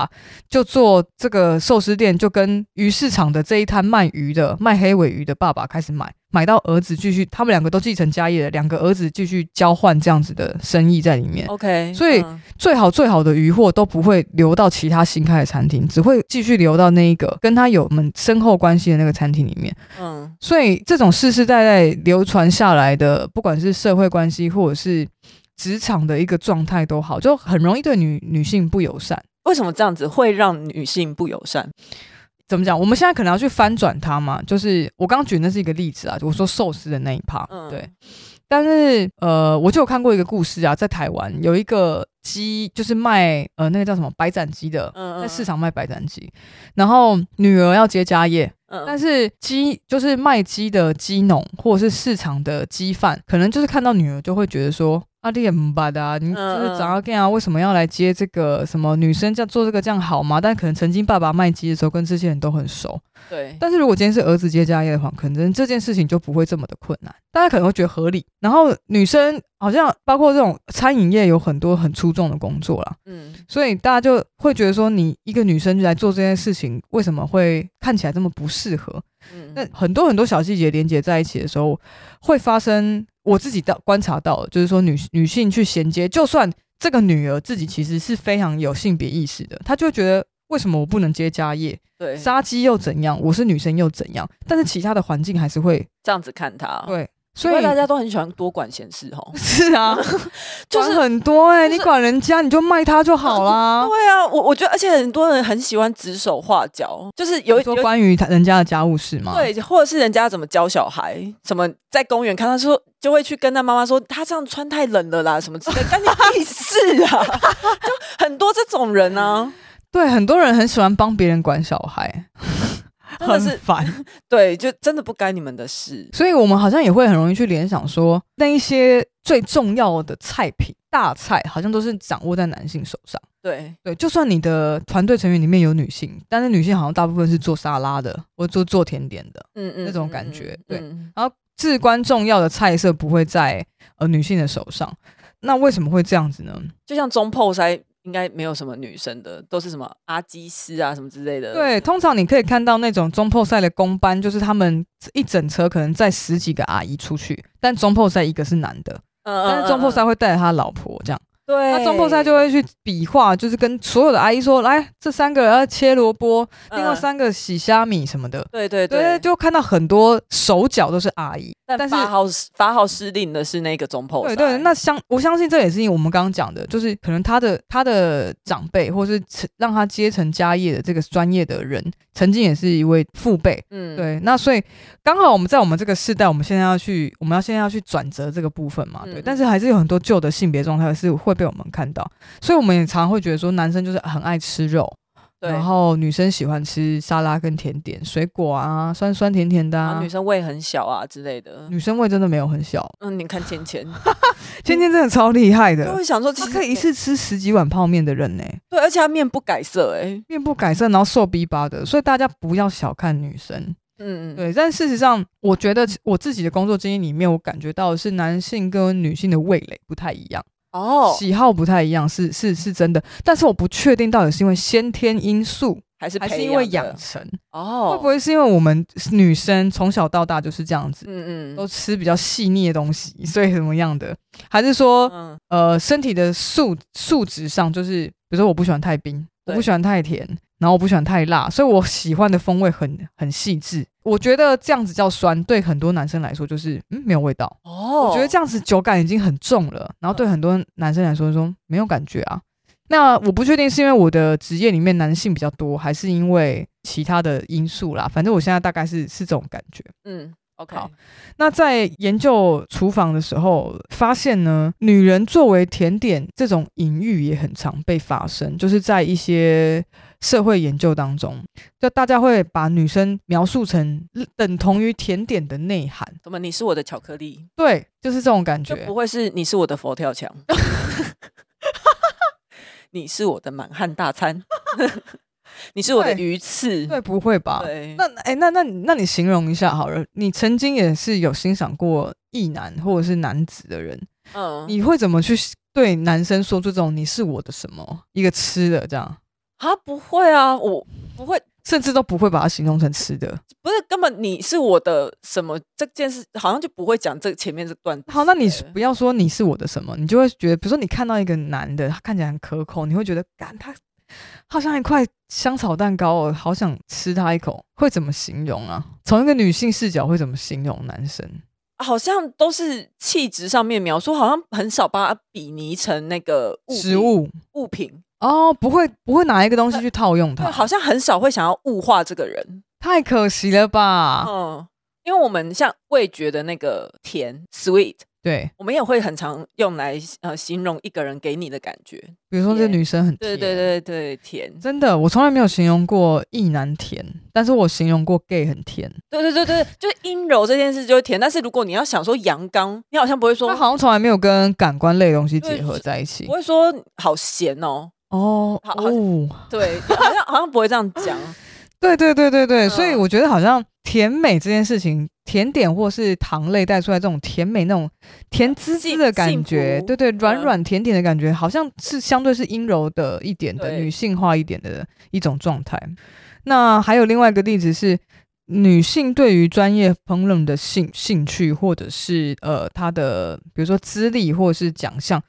就做這個壽司店，就跟魚市場的這一攤賣魚的、賣黑鮪魚的爸爸開始買，買到兒子繼續，他們兩個都繼承家業了。兩個兒子繼續交換這樣子的生意在裡面。OK，所以、嗯、最好最好的魚貨都不會流到其他新開的餐廳，只會繼續流到那一個跟他有們深厚關係的那個餐廳裡面。嗯，所以這種世世代代流傳下來的，不管是社會關係或者是職場的一個狀態都好，就很容易對女女性不友善。為什麼這樣子會讓女性不友善？怎麼講？我們現在可能要去翻轉它嘛？就是我剛剛舉那是一個例子啊，我說壽司的那一趴、嗯，對。但是呃，我就有看過一個故事啊，在台灣有一個雞，就是賣呃那個叫什麼白斬雞的，在市場賣白斬雞。嗯、然後女兒要接家業，嗯、但是雞就是賣雞的雞農，或者是市場的雞販，可能就是看到女兒就會覺得說。阿弟、啊、也不明白的、啊，你就是找麼講啊？為什麼要來接這個什麼女生？這樣做這個這樣好嗎？但可能曾經爸爸賣雞的時候，跟這些人都很熟。對，但是如果今天是兒子接家業的話，可能這件事情就不會這麼的困難。大家可能會覺得合理。然後女生好像包括這種餐飲業有很多很出眾的工作啦。嗯，所以大家就會覺得說，你一個女生來做這件事情，為什麼會看起來這麼不適合？嗯，那很多很多小細節連接在一起的時候，會發生。我自己到觀察到，就是說女女性去銜接，就算這個女兒自己其實是非常有性別意識的，她就覺得為什麼我不能接家業？對，殺雞又怎樣？我是女生又怎樣？但是其他的環境還是會這樣子看她。對。所以,以大家都很喜歡多管閒事齁，是啊， 就是很多哎、欸，就是、你管人家你就賣他就好啦。嗯、對啊，我我覺得而且很多人很喜歡指手畫腳，就是有一說關於人家的家務事嘛，對，或者是人家怎麼教小孩，怎麼在公園看他說就會去跟他媽媽說他這樣穿太冷了啦，什麼之類，趕緊 是啊，就很多這種人呢、啊， 對，很多人很喜歡幫別人管小孩。真的是很煩煩， 對，就真的不干你們的事。所以我們好像也會很容易去聯想說，說那一些最重要的菜品、大菜，好像都是掌握在男性手上。對對，就算你的團隊成員裡面有女性，但是女性好像大部分是做沙拉的，或做做甜點的，嗯嗯，嗯，嗯、那種感覺。對，然後至關重要的菜色不會在呃女性的手上，那為什麼會這樣子呢？就像中剖塞，應該沒有什麼女生的，都是什麼阿基師啊什麼之類的。對，通常你可以看到那種中破賽的工班，就是他們一整車可能載十幾個阿姨出去，但中破賽一個是男的，嗯嗯嗯嗯，但是中破賽會帶着他老婆這樣。對，他中破賽就會去比劃，就是跟所有的阿姨說：“來，這三個人要切蘿蔔，另外三個洗蝦米什麼的。嗯”對對對，對，就看到很多手腳都是阿姨，但，法好但是發號發號施令的是那個中破賽。對，對對，那相我相信這也是因為我們剛剛講的，就是可能他的他的長輩，或是讓他接成家業的這個專業的人，曾經也是一位父輩。嗯，對。那所以剛好我們在我們這個世代，我們現在要去，我們要現在要去轉折這個部分嘛？對。嗯嗯，但是還是有很多舊的性別狀態是會。被我們看到，所以我們也常會覺得說，男生就是很愛吃肉，對然後女生喜歡吃沙拉跟甜點、水果啊，酸酸甜甜的，啊。女生胃很小啊之類的。女生胃真的沒有很小。嗯，你看芊芊，芊芊 真的超厲害的。就會想說，她可以一次吃十幾碗泡麵的人呢，欸。對，而且她面不改色，欸，哎，面不改色，然後瘦逼巴的。所以大家不要小看女生，嗯，對。但事實上，我覺得我自己的工作經驗裡面，我感覺到的是男性跟女性的味蕾不太一樣。哦，oh. 喜好不太一樣，是是是真的，但是我不確定到底是因為先天因素，還是培養的，還是因為養成哦？Oh. 會不會是因為我們女生從小到大就是這樣子，嗯嗯，都吃比較細膩的東西，所以什麼樣的？還是說，嗯、呃，身體的素素質上，就是比如說我不喜歡太冰，對我不喜歡太甜。然後我不喜歡太辣，所以我喜歡的風味很很細緻。我覺得這樣子叫酸，對很多男生來說就是嗯沒有味道哦。Oh. 我覺得這樣子酒感已經很重了，然後對很多男生來說說、就是、沒有感覺啊。那我不確定是因為我的職業裡面男性比較多，還是因為其他的因素啦。反正我現在大概是是這種感覺。嗯，OK。那在研究廚房的時候，發現呢，女人作為甜點這種隱喻也很常被發生，就是在一些。社會研究當中，就大家會把女生描述成等同於甜點的內涵。怎麼？你是我的巧克力？對，就是這種感覺。不會是你是我的佛跳牆？ 你是我的滿漢大餐？ 你是我的魚翅？對，不會吧？對那哎、欸，那那那你形容一下好了。你曾經也是有欣賞過異男或者是男子的人，嗯，你會怎麼去對男生說出這種“你是我的什麼一個吃的”這樣？啊，不會啊，我不會，甚至都不會把它形容成吃的，不是根本你是我的什麼這件事，好像就不會講這前面這段子。好，那你不要說你是我的什麼，你就會覺得，比如說你看到一個男的，他看起來很可口，你會覺得，幹，他好像一塊香草蛋糕哦，我好想吃他一口，會怎麼形容啊？從一個女性視角會怎麼形容男生？好像都是氣質上面描述，好像很少把它比擬成那個食物物品。哦，oh, 不會不會拿一個東西去套用它，好像很少會想要物化這個人，太可惜了吧？嗯，因為我們像味覺的那個甜，sweet，對我們也會很常用來呃形容一個人給你的感覺，比如說這些女生很甜，對對對對,對甜，真的我從來沒有形容過異男甜，但是我形容過 gay 很甜，對對對對，就是陰柔這件事就是甜， 但是如果你要想說陽剛，你好像不會說，他好像從來沒有跟感官類的東西結合在一起，不會說好鹹哦。哦、oh, 哦，對，好像好像不會這樣講。 對對對對對，嗯、所以我覺得好像甜美這件事情，甜點或是糖類帶出來這種甜美那種甜滋滋的感覺，啊、對,對對，軟軟甜甜的感覺，嗯、好像是相對是陰柔的一點的對女性化一點的一種狀態。那還有另外一個例子是，女性對於專業烹飪的興興趣，或者是呃，她的比如說資歷或是獎項。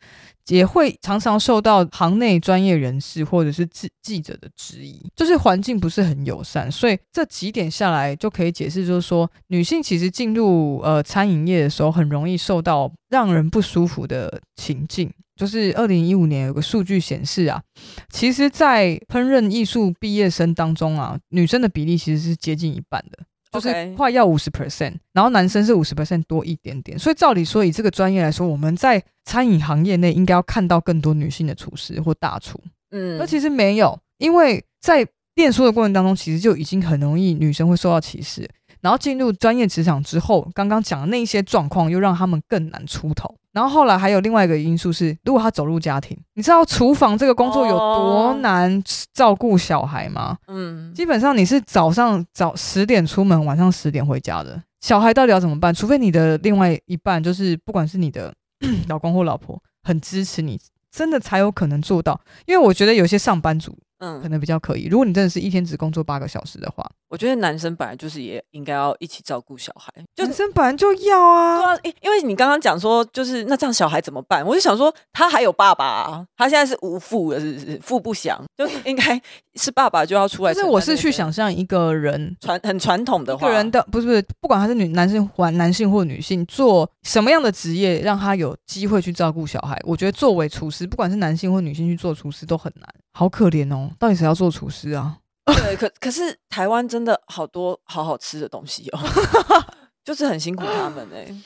也會常常受到行內專業人士或者是記記者的質疑，就是環境不是很友善，所以這幾點下來就可以解釋，就是說女性其實進入呃餐飲業的時候，很容易受到讓人不舒服的情境。就是二零一五年有個數據顯示啊，其實，在烹飪藝術畢業生當中啊，女生的比例其實是接近一半的。就是快要五十 percent，然後男生是五十 percent 多一點點，所以照理說以這個專業來說，我們在餐飲行業內應該要看到更多女性的廚師或大廚，嗯，但其實沒有，因為在念書的過程當中，其實就已經很容易女生會受到歧視。然後進入專業職場之後，剛剛講的那一些狀況又讓他們更難出頭。然後後來還有另外一個因素是，如果他走入家庭，你知道廚房這個工作有多難照顧小孩嗎？嗯，基本上你是早上早十點出門，晚上十點回家的，小孩到底要怎麼辦？除非你的另外一半就是不管是你的 老公或老婆很支持你，真的才有可能做到。因為我覺得有些上班族。嗯，可能比較可疑。如果你真的是一天只工作八個小時的話，我覺得男生本來就是也應該要一起照顧小孩。就男生本來就要啊，因、啊、因為你剛剛講說，就是那這樣小孩怎麼辦？我就想說，他還有爸爸，啊，他現在是無父的，父不詳，就是、應該是爸爸就要出來。所以我是去想象一個人傳很傳統的話一個人的，不是不是，不管他是女男生還男性或女性，做什麼樣的職業讓他有機會去照顧小孩？我覺得作為廚師，不管是男性或女性去做廚師都很難，好可憐哦。到底誰要做廚師啊？對，可可是台灣真的好多好好吃的東西哦、喔， 就是很辛苦他們哎、欸。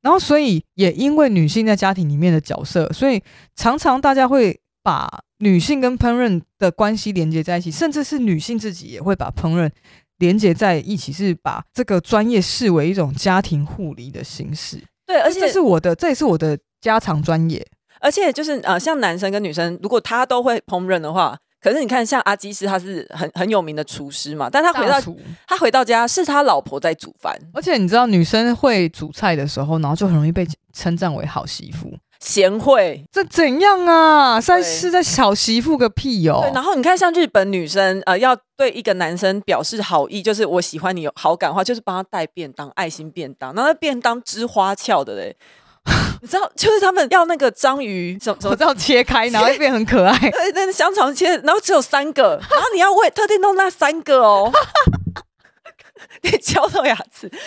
然後，所以也因為女性在家庭裡面的角色，所以常常大家會把女性跟烹飪的關係連接在一起，甚至是女性自己也會把烹飪連接在一起，是把這個專業視為一種家庭護理的形式。對，而且這是我的，這也是我的家常專業。而且就是呃，像男生跟女生，如果他都會烹飪的話。可是你看，像阿基師他是很很有名的廚師嘛，但他回到大廚，他回到家，是他老婆在煮飯。而且你知道，女生會煮菜的時候，然後就很容易被稱讚為好媳婦、賢惠。這怎樣啊？在是在小媳婦個屁喲、哦！然後你看，像日本女生呃，要對一個男生表示好意，就是我喜歡你有好感的話，就是幫他帶便當、愛心便當，那便當枝花俏的嘞。 你知道，就是他們要那個章魚手手我這樣切開，然後會變很可愛。對，對，對，那香腸切，然後只有三個，然後你要為 特定弄那三個哦， 你敲到牙齒。對，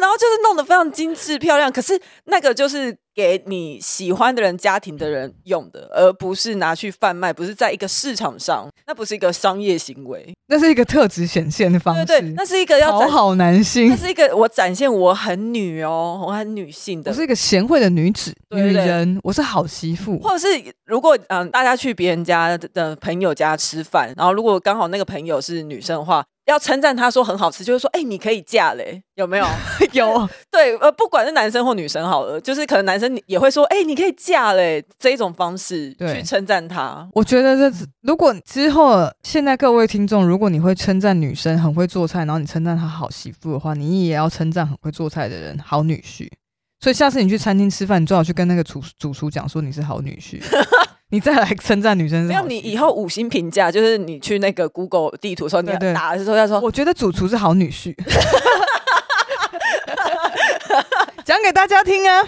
然後就是弄得非常精緻漂亮，可是那個就是。給你喜歡的人、家庭的人用的，而不是拿去販賣，不是在一個市場上，那不是一個商業行為，那是一個特質顯現的方式。對對，那是一個要討好男性，那是一個我展現我很女哦，我很女性的，我是一個賢惠的女子，對對女人，我是好媳婦。或者是如果嗯、呃，大家去別人家的朋友家吃飯，然後如果剛好那個朋友是女生的話，要稱讚她說很好吃，就是說哎、欸，你可以嫁嘞，有沒有？ 有 對，呃，不管是男生或女生好了，就是可能男生。也會說，哎、欸，你可以嫁嘞，這一種方式對去稱讚他。我覺得這如果之後現在各位聽眾，如果你會稱讚女生很會做菜，然後你稱讚她好媳婦的話，你也要稱讚很會做菜的人好女婿。所以下次你去餐廳吃飯，你最好去跟那個主主廚講說你是好女婿， 你再來稱讚女生。沒有，你以後五星評價就是你去那個 Google 地圖說你要打的時候要說，對對我覺得主廚是好女婿。 給大家聽啊！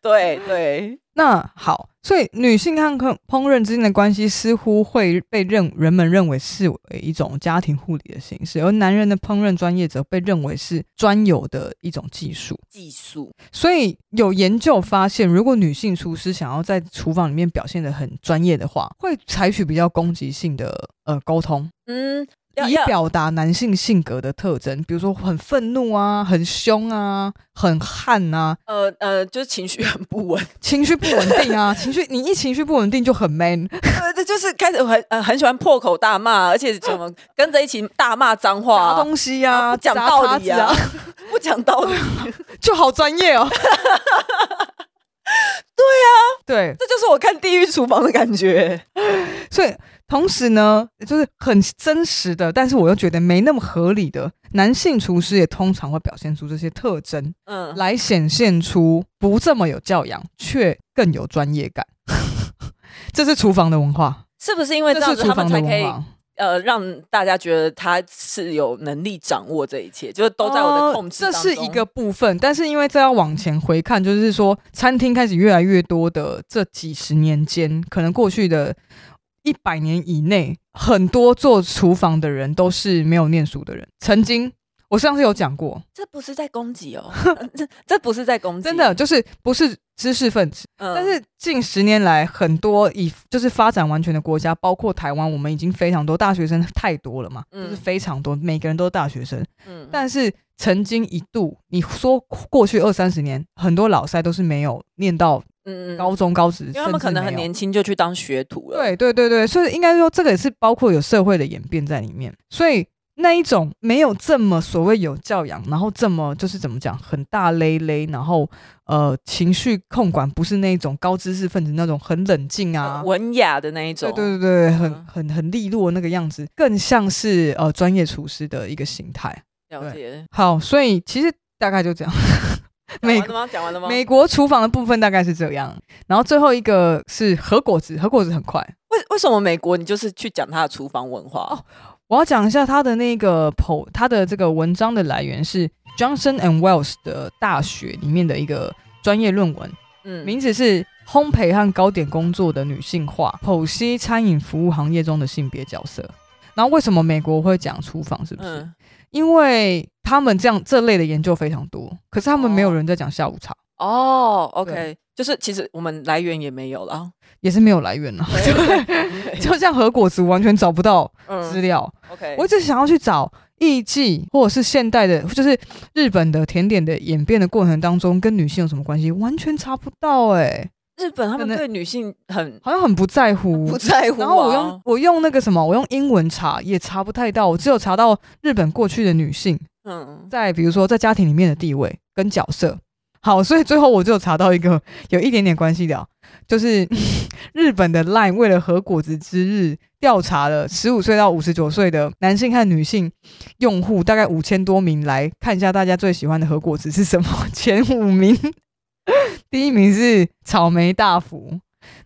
對 對，對。那好，所以女性和烹烹飪之間的關係似乎會被認人們認為視為一種家庭護理的形式，而男人的烹飪專、專業則被認為是專有的一種技術。技術。所以有研究發現，如果女性廚師想要在廚房裡面表現得很專業的話，會採取比較攻擊性的呃溝通。嗯。以表達男性性格的特徵，比如說很憤怒啊，很凶啊，很悍啊，呃呃，就是情緒很不穩，情緒不穩定啊，情緒你一情緒不穩定就很 man，這就是開始很呃很喜歡破口大罵，而且怎麼跟着一起大罵髒話，東西呀，講、啊、道理啊，啊不講道理、啊、 就好專業哦， 對啊，對，這就是我看《地獄廚房》的感覺， 所以。同時呢，就是很真實的，但是我又覺得沒那麼合理的男性廚師也通常會表現出這些特徵，嗯，來顯現出不這麼有教養，卻更有專業感。 這是廚房的文化，是不是因為這樣子他們才可以，這是廚房的文化，呃，讓大家覺得他是有能力掌握這一切，就是都在我的控制。這是一個部分，但是因為這要往前回看，就是說餐廳開始越來越多的這幾十年間，可能過去的。一百年以內，很多做廚房的人都是沒有念書的人。曾經我上次有講過，這不是在攻擊哦， 這這不是在攻擊，真的就是不是知識分子。呃、但是近十年來，很多已就是發展完全的國家，包括台灣，我們已經非常多大學生太多了嘛，嗯、就是非常多，每個人都是大學生。嗯、但是。曾經一度，你說過去二三十年，很多老師都是沒有念到嗯、高中、高職、嗯，因為他們可能很年輕就去當學徒了。對對對對，所以應該說這個也是包括有社會的演變在裡面。所以那一種沒有這麼所謂有教養，然後這麼就是怎麼講很大剌剌，然後呃情緒控管不是那一種高知識分子那種很冷靜啊、文雅的那一種。對對對對，很很很利落的那個樣子，更像是呃專業廚師的一個形態。了解。好，所以其實大概就這樣。 講完了嗎？美國廚房的部分大概是這樣，然後最後一個是和菓子，和菓子很快。為為什麼美國你就是去講他的廚房文化？哦，我要講一下他的那個 po, 他的這個文章的來源是 Johnson and Wells 的大學裡面的一個專業論文，嗯，名字是《烘焙和糕點工作的女性化，剖析餐飲服務行業中的性別角色》。然後為什麼美國會講廚房？是不是？嗯因為他們這樣這類的研究非常多，可是他們沒有人在講下午茶哦。Oh. Oh, OK，對就是其實我們來源也沒有了，也是沒有來源了。對，對，對， 就像和菓子完全找不到資料。嗯、OK，我一直想要去找藝伎或者是現代的，就是日本的甜點的演變的過程當中，跟女性有什麼關係，完全查不到哎、欸。日本他們對女性很好像很不在乎，不在乎，啊。然後我用我用那個什麼，我用英文查也查不太到，我只有查到日本過去的女性，嗯，在比如說在家庭裡面的地位跟角色。好，所以最後我就查到一個有一點點關係的，就是日本的 LINE 為了和菓子之日調查了十五歲到五十九歲的男性和女性用戶大概五千多名，來看一下大家最喜歡的和菓子是什麼，前五名。 第一名是草莓大福，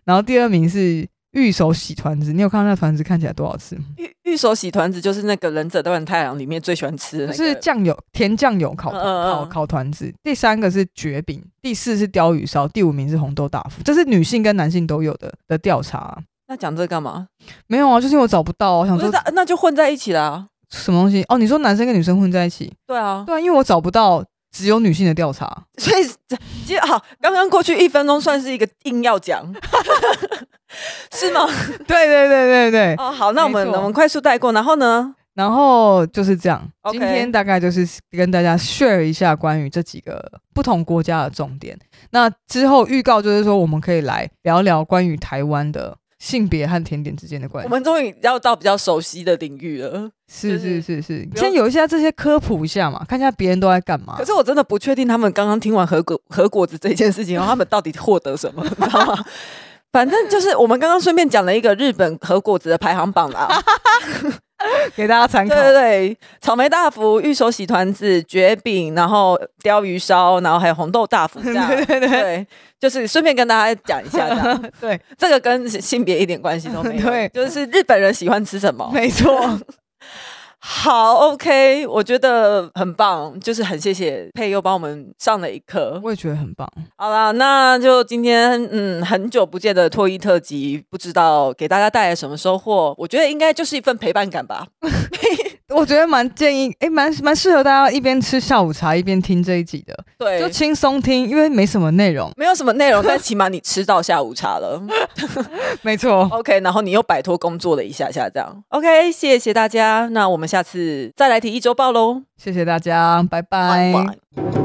然後第二名是御手洗團子。你有看到那團子看起來多好吃？御御手洗團子就是那個忍者亂太郎裡面最喜歡吃的，那個，就是醬油甜醬油烤烤烤，烤團子。第三個是絕餅，第四是鯛魚燒，第五名是紅豆大福。這是女性跟男性都有的的調查。那講這個幹嘛？沒有啊，就是因為我找不到，我想說那就混在一起啦。什麼東西？哦，你說男生跟女生混在一起？對啊，對啊，因為我找不到。只有女性的調查，所以這其實，好，剛剛過去一分鐘算是一個硬要講， 是嗎？ 對對對對對，哦，好，那我們沒錯我們快速帶過，然後呢？然後就是這樣，Okay 今天大概就是跟大家 share 一下關於這幾個不同國家的重點。那之後預告就是說，我們可以來聊聊關於台灣的。性別和甜點之間的關係，我們終於要到比較熟悉的領域了。是是是是，先有一些這些科普一下嘛，看一下別人都在幹嘛。可是我真的不確定他們剛剛聽完和菓、和菓子這件事情然後，他們到底獲得什麼？你知道嗎？反正就是我們剛剛順便講了一個日本和菓子的排行榜啊。 給大家參考，對對對，草莓大福、御手洗團子、卷餅，然後鯛魚燒，然後還有紅豆大福這樣， 對對對，對就是順便跟大家講一下這樣， 對，這個跟性別一點關係都沒有， 對就是日本人喜歡吃什麼， 沒錯錯。 好，OK，我覺得很棒，就是很謝謝佩又幫我們上了一課，我也覺得很棒。好啦，那就今天，嗯，很久不見的唾液特輯，不知道給大家帶來什麼收穫？我覺得應該就是一份陪伴感吧。 我覺得蠻建議，哎、欸，蠻蠻適合大家一邊吃下午茶一邊聽這一集的，對，就輕鬆聽，因為沒什麼內容，沒有什麼內容， 但起碼你吃到下午茶了， 沒錯，OK，然後你又擺脫工作了一下下這樣，OK，謝謝大家，那我們下次再來提一周報嘍，謝謝大家，拜拜。Bye bye.